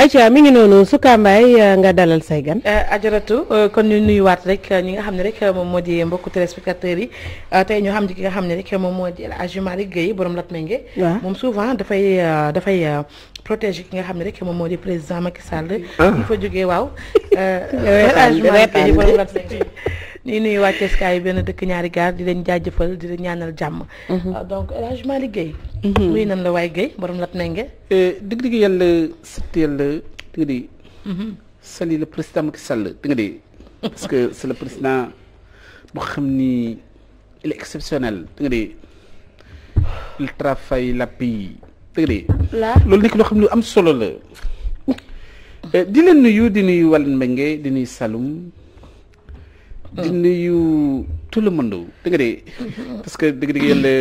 Aïcha mi ngi noonu Souka Mbaye euh, nga dalal say gan. Euh, ajaratu euh, kon nuy waat rek ni nga xam ne rek moom moo di mbokku téléspectateurs yi tey ñoo xam ci ki nga xam ne rek moom moo di El Hadji Malick Guèye borom Latmingué. waaw moom souvent dafay dafay protéger ki nga xam ne rek moom moo di président Macky Sall. Ah. ñu fa jógee waaw. El Hadji Malick Guèye borom Latmingué. ñuy nuyu benn dëkk ñaari gaar di leen jaajëfal di leen ñaanal jàmm. Mm-hmm. donc El Hadji nuyu mm-hmm. nañ la waay Guèye borom lat menge eh, digg digg yàlla sant yàlla di nga di mm-hmm. sali le président Macky Sall di nga di que c'est le président boo xam ni il exceptionnel di nga di il travaille la pays di nga di loolu nekk loo xam ne am solo la eh, di leen nuyu di nuyu wàllan mbenge di nuyu Saloum di mm. nuyu tout le monde di nga di mm-hmm. parce dëgg dëgg yàlla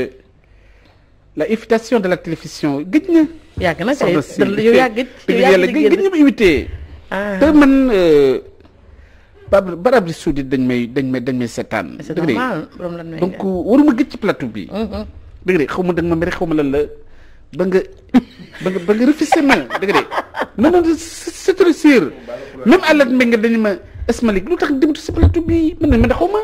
la invitation de la télévision gëj na. yàgg na kay yow yaa gëj yàlla gëj ah. man barab di suudi dañ may dañ may dañ may seetaan. dëgg donc waruma gëj ci plateau bi. Mm-hmm. dëgg de xaw ma danga ma mere xaw ma la ba nga ba nga ba nga refusé ma dëgg de non non c'est trop sûr même àllat nga dañu ma esmalik lu tax dematu si plateau bi man na ma ne ma.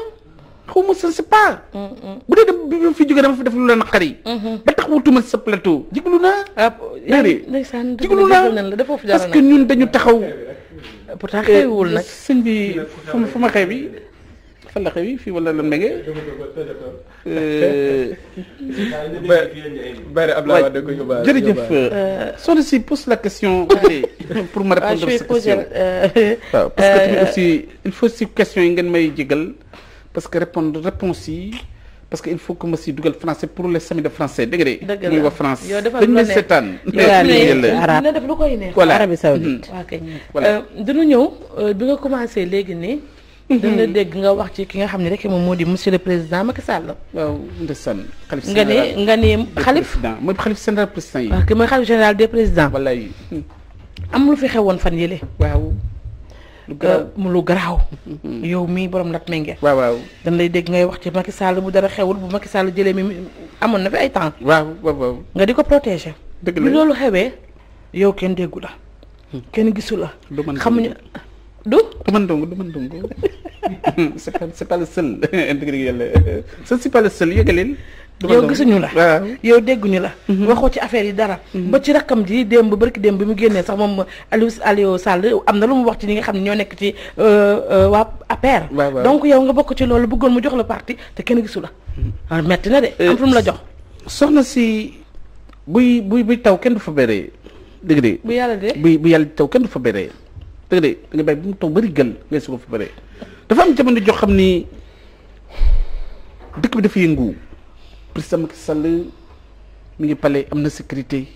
xaw ma sa c'est pas. bu dee dem bi ma fi jógee dama fi def lu la naqari. Mm-hmm. ba tax wutuma sa plateau. jiglu naa. Ah, parce que ñun dañu taxaw. pourtant xeewul nag eh, sëñ bi fu ma fu ma bi fan fii wala lan mbége. Eh, bari Abdoulaye Wade ko yóbbaale euh, si pose la pour ma répondre ah, sa question euh, waaw euh, question yi ngeen may jégal. parce que répondre réponse yi parce que il faut que ma si dugal français pour les semis de français dëgg de muy wax France dañ ne seetaan dina def lu koy neex Arabie hmm. Saoudite euh, dina ñëw euh, bi nga commencé léegi ne hmm. dana dégg nga wax ci ki nga xam ne rek moom moo di monsieur le président Macky Sall. waaw ndeysaan. xalif nga ne nga ne xalif. mooy xalif général président yi. waaw ki xalif général des présidents. am lu fi xewoon fan yële. waaw lu garaaw euh, mm-hmm. yow mii borom nag lat menge waaw waaw dañ lay dégg ngay wax ci Macky bu dara xewul bu Macky Sall jëlee mi amoon na fi ay temps waaw waaw nga di ko protéger dëgg la loolu xewee yow kenn déggu la hmm. kenn gisu la xamuñu du du man dong du man dong c'est pas c'est pas le seul dëgg dëgg yàlla yow gisuñu la yow dégguñu la mhm. waxoo ci affaire yi dara mhm. ba ci rakkam ji démb barki démb bi mu génnee sax moom Aliou Aliou Sall am na lu mu wax ci ñi nga xam ne ñoo nekk ci euh, euh, waa APR donc yow nga bokk ci loolu bëggoon mu jox la parti te kenn gisu la ah, metti na de euh, am fu mu la jox soxna si buy buy buy taw kenn du fa béree dëgg de bu yàlla de bu bu yàlla taw kenn du fa béree dëgg de da nga bu mu taw bëri gël ngay su ko fa dafa am jamono jox xam ni dëkk bi dafa président Macky Sall mi ngi palais am na sécurité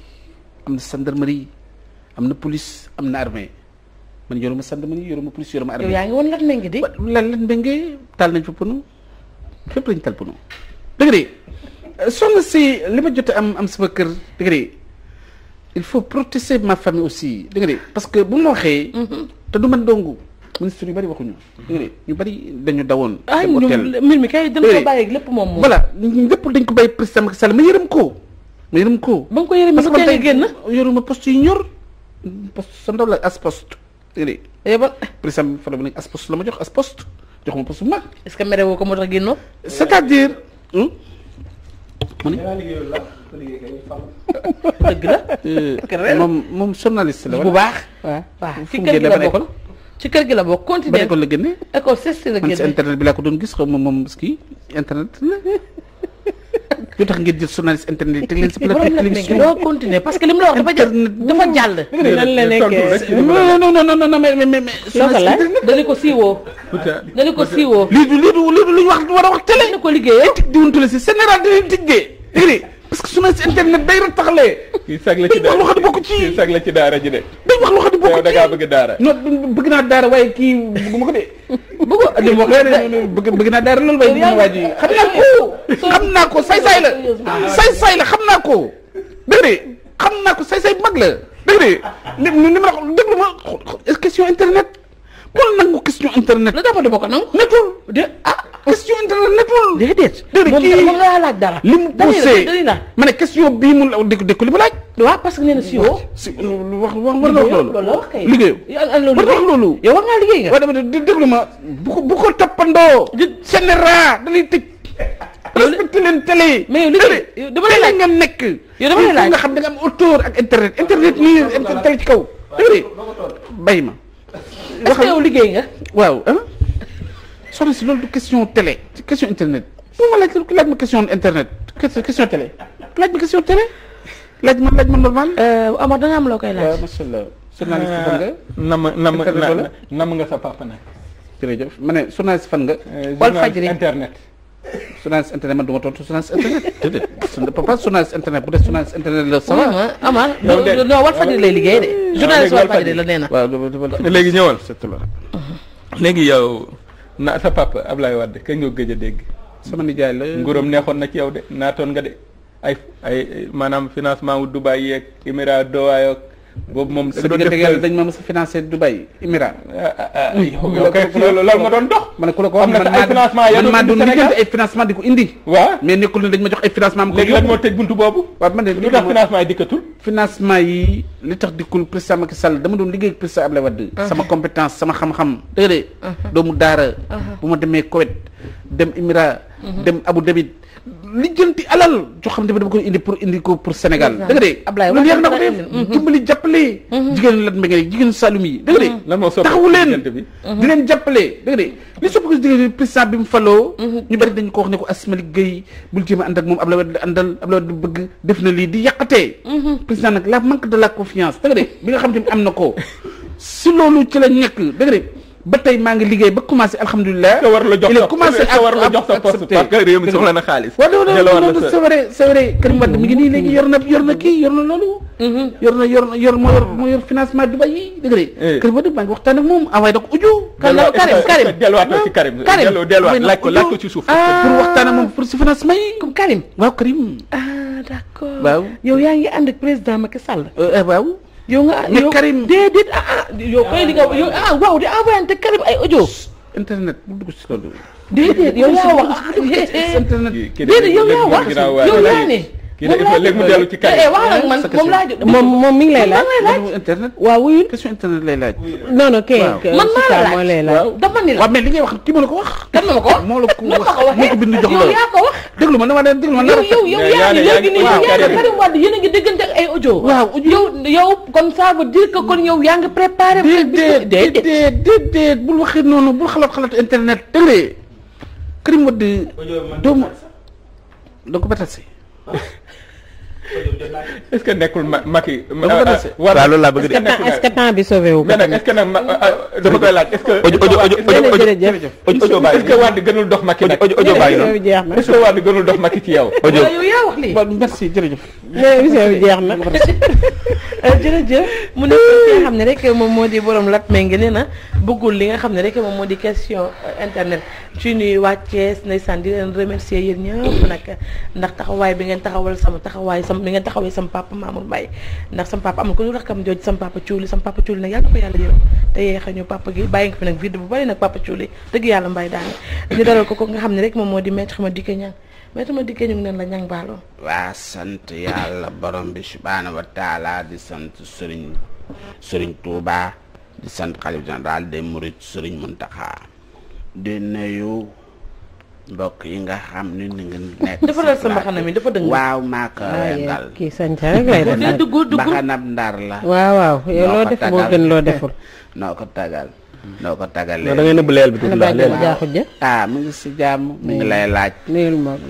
am na gendarmerie am na police am na armée man yoruma gendarmerie yoruma police yoruma armée. yow yaa ngi woon Lat Mbengue di. lan Lat taal nañ fa pono fépp lañ taal pono dëgg de si li ma jot am am sama kër dëgg il faut protéger ma famille aussi dëgg parce que bu ma waxee. Mhm. te du man dongu ministre yu bëri waxuñu. dégg nga ñu bëri dañu dawoon. dem ah, mi kay dañ ko bàyyi lépp moom moom. voilà lépp dañ ko bàyyi président Macky Sall ma yërëm ko. ma yërëm ko. ba nga ko yërëm parce que génn yoruma poste yu ñor. poste sa ndaw la as poste. dégg nga yebal président Fallou ma jox as poste joxuma poste bu mag. est-ce que mere ko moo tax génnoo. c'est-à-dire. mu euh, moom moom journaliste la. baax waaw waaw ci kër gi la bokkoon ci kër gi la bokk continuer ba école la génne. école CESTI la génne man si internet bi laa ko doon gis xaw ma moom kii internet la. lu tax ngeen jël journaliste internet yi teg leen si plateau télévision doo continuer parce que li mu la wax dafa jàll dafa jàll. lan la nekkee non non non non non mais mais mais. dana ko siiwoo. dana ko siiwoo. lii du lii du lii du lu ñu wax war a wax télé. dana ko liggéeyee tig diwuntu la si Sénégal dinañ tiggee. parce que journaliste internet day rataxlee. kii sag la ci dara bëgg ci fekk la ci daara ji de day wax loo xam ne bokk ci da a bëgg daara non bëgg naa daara waaye kii bëgguma ko de ah, bëgg de wax leen bëgg naa daara loolu waaye waa ji xam naa ko xam naa ko say say la say say la xam naa ko dëgg naa ko say say mag la dëgg de li li ma la déglu ma question internet kon nangu question internet. la dafa dama ko nangu. nekkul de ah. question internet nekkul. déedéet. déedéet moom laa laaj dara. li mu poussé ma ne question bii mu la dégg dégg li mu que nee na suyoo. wax na wax loolu. loolu wax kay liggéeyoo. yow war na wax ah, loolu. yow war ngaa liggéey nga. da lay tëj. mais yow liggéey dama lay nga nekk. yow dama lay laaj nga xam da nga am auteur ak internet internet nii télé ci kaw. dégg nga bay ma. est-ce que liggéey nga. waaw soxna si loolu du question télé question internet bu ma laaj laaj ma question internet question télé laaj ma question télé laaj ma laaj ma normal. Euh, Omar da nga am loo koy laaj. waaw macha allah journaliste fan nga. Euh, nam nam nam nga sa papa nag. jërëjëf ma ne journaliste fan nga. Euh, wal fajri internet. Sonacos internet man du ma tontu Sonacos internet. déedéet papa Sonacos internet bu dee Sonacos internet la ça va. amal non lay liggéey de. na. waaw léegi ñëwal surtout la. léegi yow na sa papa Ablaye Wade kañ nga gëj a dégg. sama nijaay la nguuram neexoon na ci yow de naatoon nga de ay ay maanaam financement wu Dubaï yeeg Émirats Doha boobu moom sa diggante ak dañ ma mos a financé Dubaï Émirats. Ah, ah, ah, yow kay loolu nga doon dox. ma ne ku la ko wax man maa man maa doon liggéeyante ay financement di ko indi. waaw mais nekkul ne dañ ma jox ay financement ma ko léegi lan li tax financement yi dikkatul. financement yi li tax dikkul président Macky Sall dama doon liggéey ak président Abdoulaye Wade. sama compétence sama xam-xam déedéet. doomu daara. bu ma demee Koweït dem Émirats. Mhm. dem Abu Dhabi. lijjanti alal joo xam ne dama ko indi pour indi ko pour Sénégal da nga dee Ablaye loolu yàgg na ko def mm-hmm. dimbali jàppale mm-hmm. jigéen mm-hmm. leen di leen jàppale li sopp ko jigéen président bi mu faloo ñu bari dañ ko wax ne ko Asmali Gueye bul jéem a ànd moom Ablaye Wade àndal Ablaye bëgg def na lii di yàqatee président nag la manque de la confiance da nga dee bi nga xam ne am na ko si loolu ci la ñekk da nga ba tey maa ngi liggéey ba commencé alhamdulilah. war la jox sa war la jox sa poste parce que réew mi soxla na xaalis. c'est vrai ko audio. delloo Karim delluwaat ci Karim. Karim delluwaat ah, eh, ko laaj ko ci suuf. Ah, pour waxtaan ak moom waaw Karim. ah d'accord. waaw yow yaa ngi ànd ak président Macky Sall. Euh, euh, waaw. yow nga ne Karim déedéet ah ah yow ah. kay li nga yow ah waaw di envoyé Karim ay audio. internet bu dugg si loolu. déedéet yow yaa wax déedéet yow yaa wax yow yaa ne. kii nag il faut léegi mu dellu ci kàddu gi eh, eh, wax man moom laa jot moom moom mi ngi lay laaj. internet waaw wuyu question internet lay laaj. non non kay. man maa la laaj dama ni la waaw mais li ngay wax kii ma la ko wax. kan ma ko wax moo la ko wax moo ko bind jox la yow yaa ko wax. déglu ma dama déglu ma nar a. yow yow yaa ngi léegi nii yow yaa ngi Karim Wade yéen a ngi déggante ak ay audio. waaw audio yow yow kon ça veut dire que kon yow yaa ngi préparé. déedéet déedéet déedéet bul waxee noonu bul xalaat xalaat internet tëlee Karim Wade doomu da ko batase est-ce que nekkul Macky. Ah, ah, waaw loolu laa bëgg de est-ce que temps bi sauvé wu. mais est-ce que nag ma ah, dafa koy laaj est-ce que. gënul dox Macky nag. est-ce que Wade gënul dox Macky ci yow. audio yow yaa wax lii. merci jërëjëf. jeex Eh, jërëjëf mu ne mu nga xam ne rek moom moo di borom lat ménge nee na bëggul li nga xam ne rek moom moo di question euh, internet ci nuy wàccee ndeysaan di leen remercier yéen ñëpp nag ndax taxawaay bi ngeen taxawal sama taxawaay sama bi ngeen taxawee sama papa Mamour Mbaye ndax sama papa am na ko lu rax kam jooju sama papa Thiouli sama papa Thiouli nag yàlla ko yàlla yërëm te yeexa ñu papa gi bàyyi nga fi nag vidéo bu bari nag papa Thiouli dëgg yàlla Mbaye daane ñu dalal ko ko nga xam ne rek moom moo di maître Madické Niang mais dama dikkee ñu ngi leen la ñang baaloo waa sant yàlla borom bi subhaana wa di sant sëriñ sëriñ Touba di sant xalif général des mourides sëriñ Muntaxa di nuyu mbokk yi nga xam ni ni nga nekk dafa dal sa mbaxana mi dafa dëng waaw maa ko wengal ah, kii sanca rek lay def mbaxanab ndar la waaw waaw yow noo ko tagal doo ko tagalee da ngay nëbb leel bi tuuti la leel jaaxuj ah mu ngi si jàmm mu ngi lay mm. laaj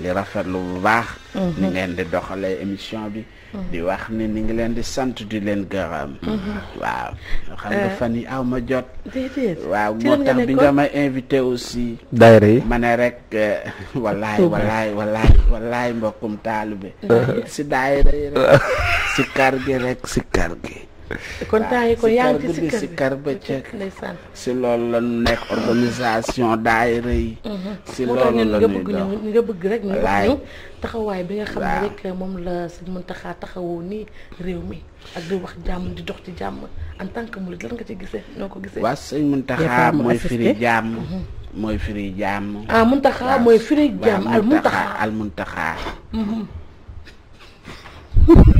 li rafetlu bu baax mm-hmm. ni ngeen di doxalee émission bi mm. di wax ni ni ngi leen di sant di leen gërëm mm-hmm. waaw xam nga eh. fan yi aw ma jot waaw moo tax bi nga ma invité aussi daayira yi ma ne rek eh, wallaay wallaay wallaay mbokkum taalibe si daayira yi rek si kar gi rek si kar gi kon temps yi kon yaa ngi ci sikkar bi si loolu la nekk organisation daayira yi mm-hmm. si loolu la bëgg rek taxawaay bi nga xam ne rek moom la si Muntaxa taxawoo nii réew mi ak di wax jàmm di dox ci jàmm en tant que murid lan nga ci gisee noo ko gisee waa sëñ Muntaxa mooy firi mm-hmm. mooy firi jàmm ah Muntaxa mooy firi jàmm al Muntaxa al mm-hmm.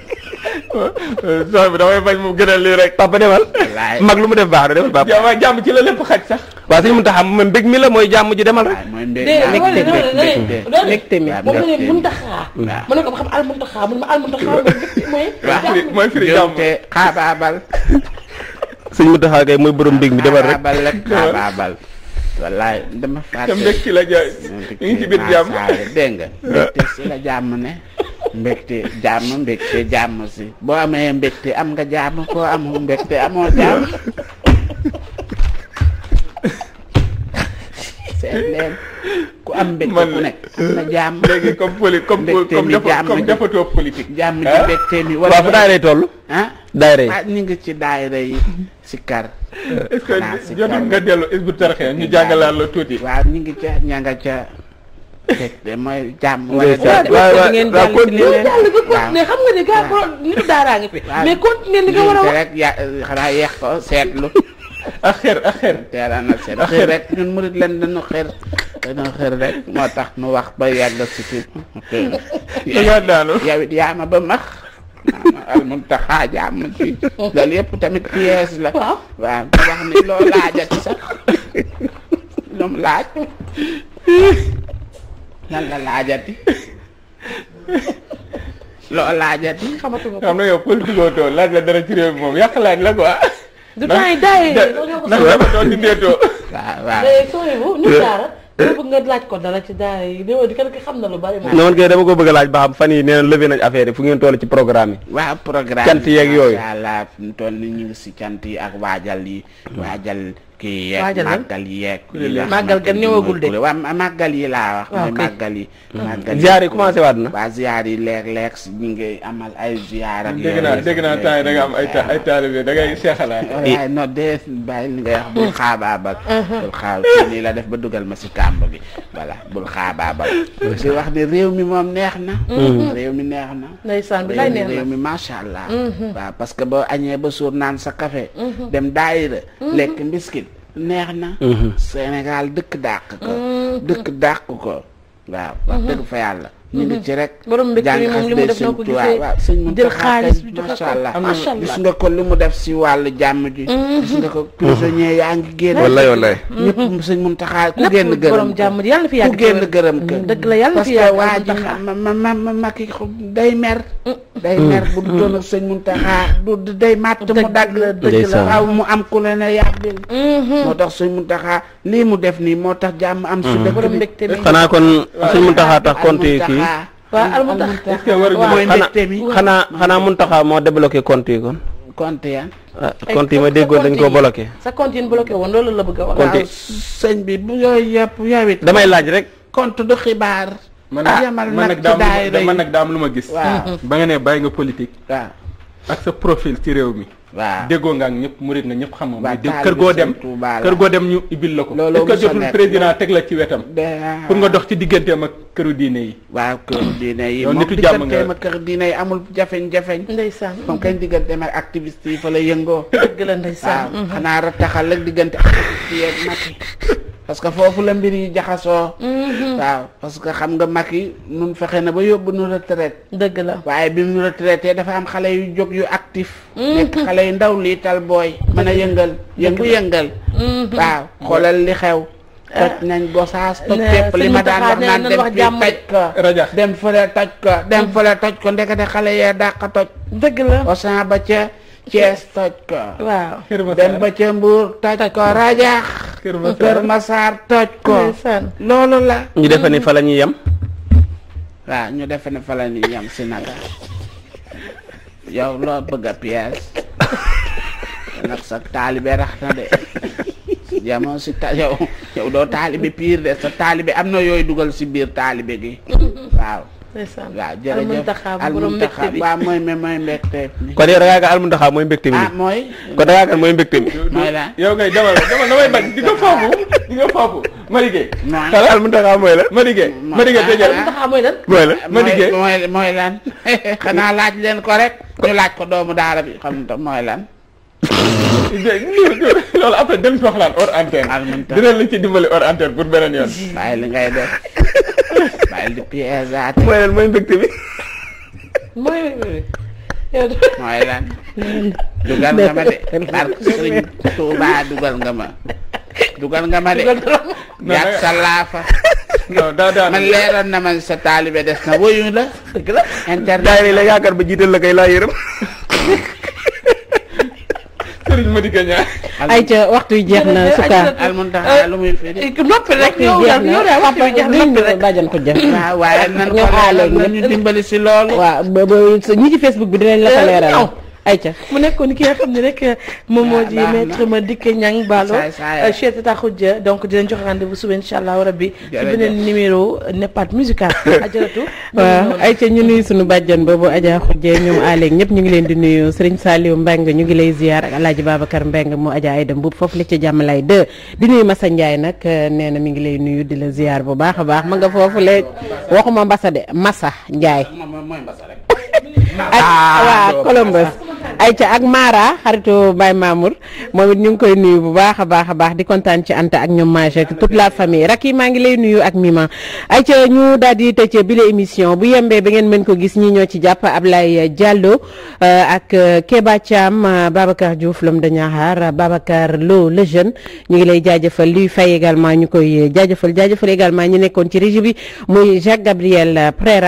sooy bu damay bañ mu gënal lii rek. papa demal. mag lu mu def baax na demal papa. jàmm ak jàmm ci la lépp xaj sax. waaw suñu muntaxam man mbég mi la mooy jàmm ji demal rek. waaw ma ne ko xam al muntaxaa mu ne ma al muntaxaa mooy firi jàmm xaabaabal. suñu muntaxaa kay mooy borom mbég mi demal rek xaabaabal. wallaay dama fàtte. te mbég ci la ja ngi ci biir jàmm dégg nga mbég ci la ne. mbégte jàmm mbégte jàmm si boo amee mbégte am nga jàmm koo amul mbégte amoo jàmm seet leen ku am mbégte ku nekk am na jàmm léegi comme poli comme comme defatoo politique ah? fu daayira yi toll ah daayira yi ah, ñu ngi ci daayira yi sikar est-ce que jotul nga dellu Hizbut Tarqiyyah ñu jàngalaat la tuuti waaw ñu ngi ca ña nga ca te mooy jàmm. wala ngeen jàll ci leneen waaw mais xam nga ne gaa nitu daaraa ngi fi. mais continuer li nga war a wax rek ya xanaa yeex ko seetlu. ak xër ak xër. teel a na seet xër rek ñun murit leen dañu xër. dañoo xër rek moo tax nu wax ba yàgg si fi. yaa daanu yow it yaa ma ba max. al muntaxa jàmm ci loolu yëpp tamit pièce la. waaw waaw wax ni loo laajati sax lu mu laaj. lan la laajati loo laajati xamatuma ko. xam nga yow politique too laaj la dara ci réew moom yàq laaj la quoi. du taay daay ko dara ci daara xam na lu bari. noonu kay dama ko bëgg laaj ba xam fan yi nee na levé nañ affaire fu ngeen toll ci programme yi. waaw programme yi cant yooyu. macha yi ak waajal hmm. kii yeeg màggal yeeg màggal gan ñëwagul de waaw yi laa ah, hmm. waat na waaw ziar yi léeg-léeg ñu ngi amal ay ziar ak hmm, dégg naa dégg naa temps yi da nga am ay ay taalibe da ngay seexalaat waaye non dee bàyyi li ngay wax bul hmm. bul la def ba dugal ma si kàmb bi voilà bul xaabaabal di wax ni réew mi moom neex na réew mi neex na ndeysaan mi macha allah waaw parce ba añee ba suur naan sa café dem daayira lekk mbiskit neex na. Mhm. Sénégal dëkk dàq ko. Mhm. dëkk dàq ko waaw wax mhm. dëgg fa yàlla. ñu ngi mhm. ci xaalis bi joxe ko macha allah def si wàllu jàmm ji. Mhm. gis nga ko prisonnier yaa ngi génn. Mhm. jàmm yàlla fi yàgg ku génn gërëm kër. dëgg la yàlla fi yàgg parce que waa ji ma ma ma ma ma kii day mer. mu dagg la dëgg la waaw mu am ku la ne yàbbil. moo tax sëñ Muntaxa lii mu def nii moo tax jàmm am. su dëkk bi xanaa kon sëñ Muntaxa tax konti kii waaw waaw almuntaxa est-ce que xanaa mun muntaxa moo débloqué compte yi kon. compte ya ah, compte yi ma déggoon dañ koo bloqué. sa compte yi ñu bloqué woon loolu la bëgg a wax. compte sëñ yëpp damay laaj rek. compte du xibaar. man nag daam man nag daam lu ma gis. ba nga ne bàyyi nga politique. waaw ak sa profil ci réew mi. waaw déggoo nga ak ñëpp murit nga ñëpp xam nga. kër goo dem kër goo dem ñu ibil la ko. looloo ko jotul président teg la ci wetam. pour nga dox ci digganteem ak këru diine yi. waaw këru diine yi moom digganteem ak këru diine yi amul jafeñ-jafeñ. ndeysaan moom kañ digganteem ak activiste yi fa la yëngoo. dëgg la ndeysaan. waaw mhm. xanaa rataxal rek diggante activiste yeeg Macky. parce que foofu la mbir yi jaxasoo. Mhm. waaw parce que xam nga mag yi nun fexe na ba yóbbu nu retraite. dëgg la waaye bi mu retraité dafa am xale yu jóg yu actif. Mhm. nekk xale yu ndaw lii tal booy. mën a yëngal yëngu yëngal. Mhm. waaw xoolal li xew. Ah. toj nañ gosaas toj fépp li ma daan wax naan dem toj ko dem fële toj ko ndekete xale yee dàq toj. dëgg la Ousseyn ba ca. Cees toj ko. waaw dem ba ca Mbuur toj ko rajax Kër Masaar toj ko. loolu la. ñu defe ni fa la ñuy yem. waaw ñu defe ni fa la ñuy si naka yow loo bëgg a nag sa taalibe rax na de jamono si ta yow doo taalibe piir de sa taalibe am na yooyu dugal si biir taalibe gi waaw. waaw jërëjëf almuntaxa waaw mooy mooy mbégte mi ah, mooy lan xanaa laaj leen ko rek ñu laaj ko doomu daara bi xam nga mooy lan loolu après dem ci waxlaan hors antenne dina la ci dimbali hors antenne pour beneen yoon waaye li ngay def mooy lan mooy mbégte bi. mooy mooy lan. dugal nga de. barke Sëriñ dugal nga dugal nga de. yàgg sa man leeral na man sa taalibe des na woyu la. dëgg la internet la ba jiital la kay laa yërëm. sëriñ Madické Niang. ay ca waxtu yi jeex na suka almuntaxa lu muy firi noppi rek ñëw daal ñëw daal waxtu yi jeex noppi rek bàjjan ko jëf waaw waaye nan ko ñu dimbali si loolu waaw ba ñi ci Facebook bi dinañ la ko ayca mu nekkoon euh, moom moo ah, di maître ma dikke ñang Ballo euh, Cheikh Tata Khoudia donc dinañ joxe rendez-vous suba incha allah rabbi ci beneen numéro euh, Nepad musical ajaratu waaw ayca ñu nuyu suñu bàjjan boobu Adja Khoudia ñoom aleeg ñëpp ñu ngi leen di nuyu Serigne Saliou Mbeng ñu ngi lay ziar ak Alaaji Babacar Mbeng moo Adja Aïda Mboup foofu la ca jàmmalay de di nuyu Massa Ndiaye nag nee na mi ngi lay nuyu di la ziar bu baax a baax ma nga foofu léegi waxuma Mbassa de masa Ndiaye ah, ak waa Columbus ayca ak Mara xaritu Baye Mamour moom it ñu ngi koy nuyu bu baax a baax a baax di kontaan ci Anta ak ñoom Maje tout la famille Racky maa ngi lay nuyu ak Mima. ayca ñu daal di tëj bile émission bu yembee ba ngeen mën ko gis ñi ñoo ci jàpp Ablaye Diallo euh, ak euh, Keba Thiam euh, Babacar Diouf l'homme de Babacar Lo le jeune ñu ngi lay jaajëfal luy fay également ñu koy jaajëfal jaajëfal également ñu nekkoon ci régie bi muy Jacques Gabriel Prera.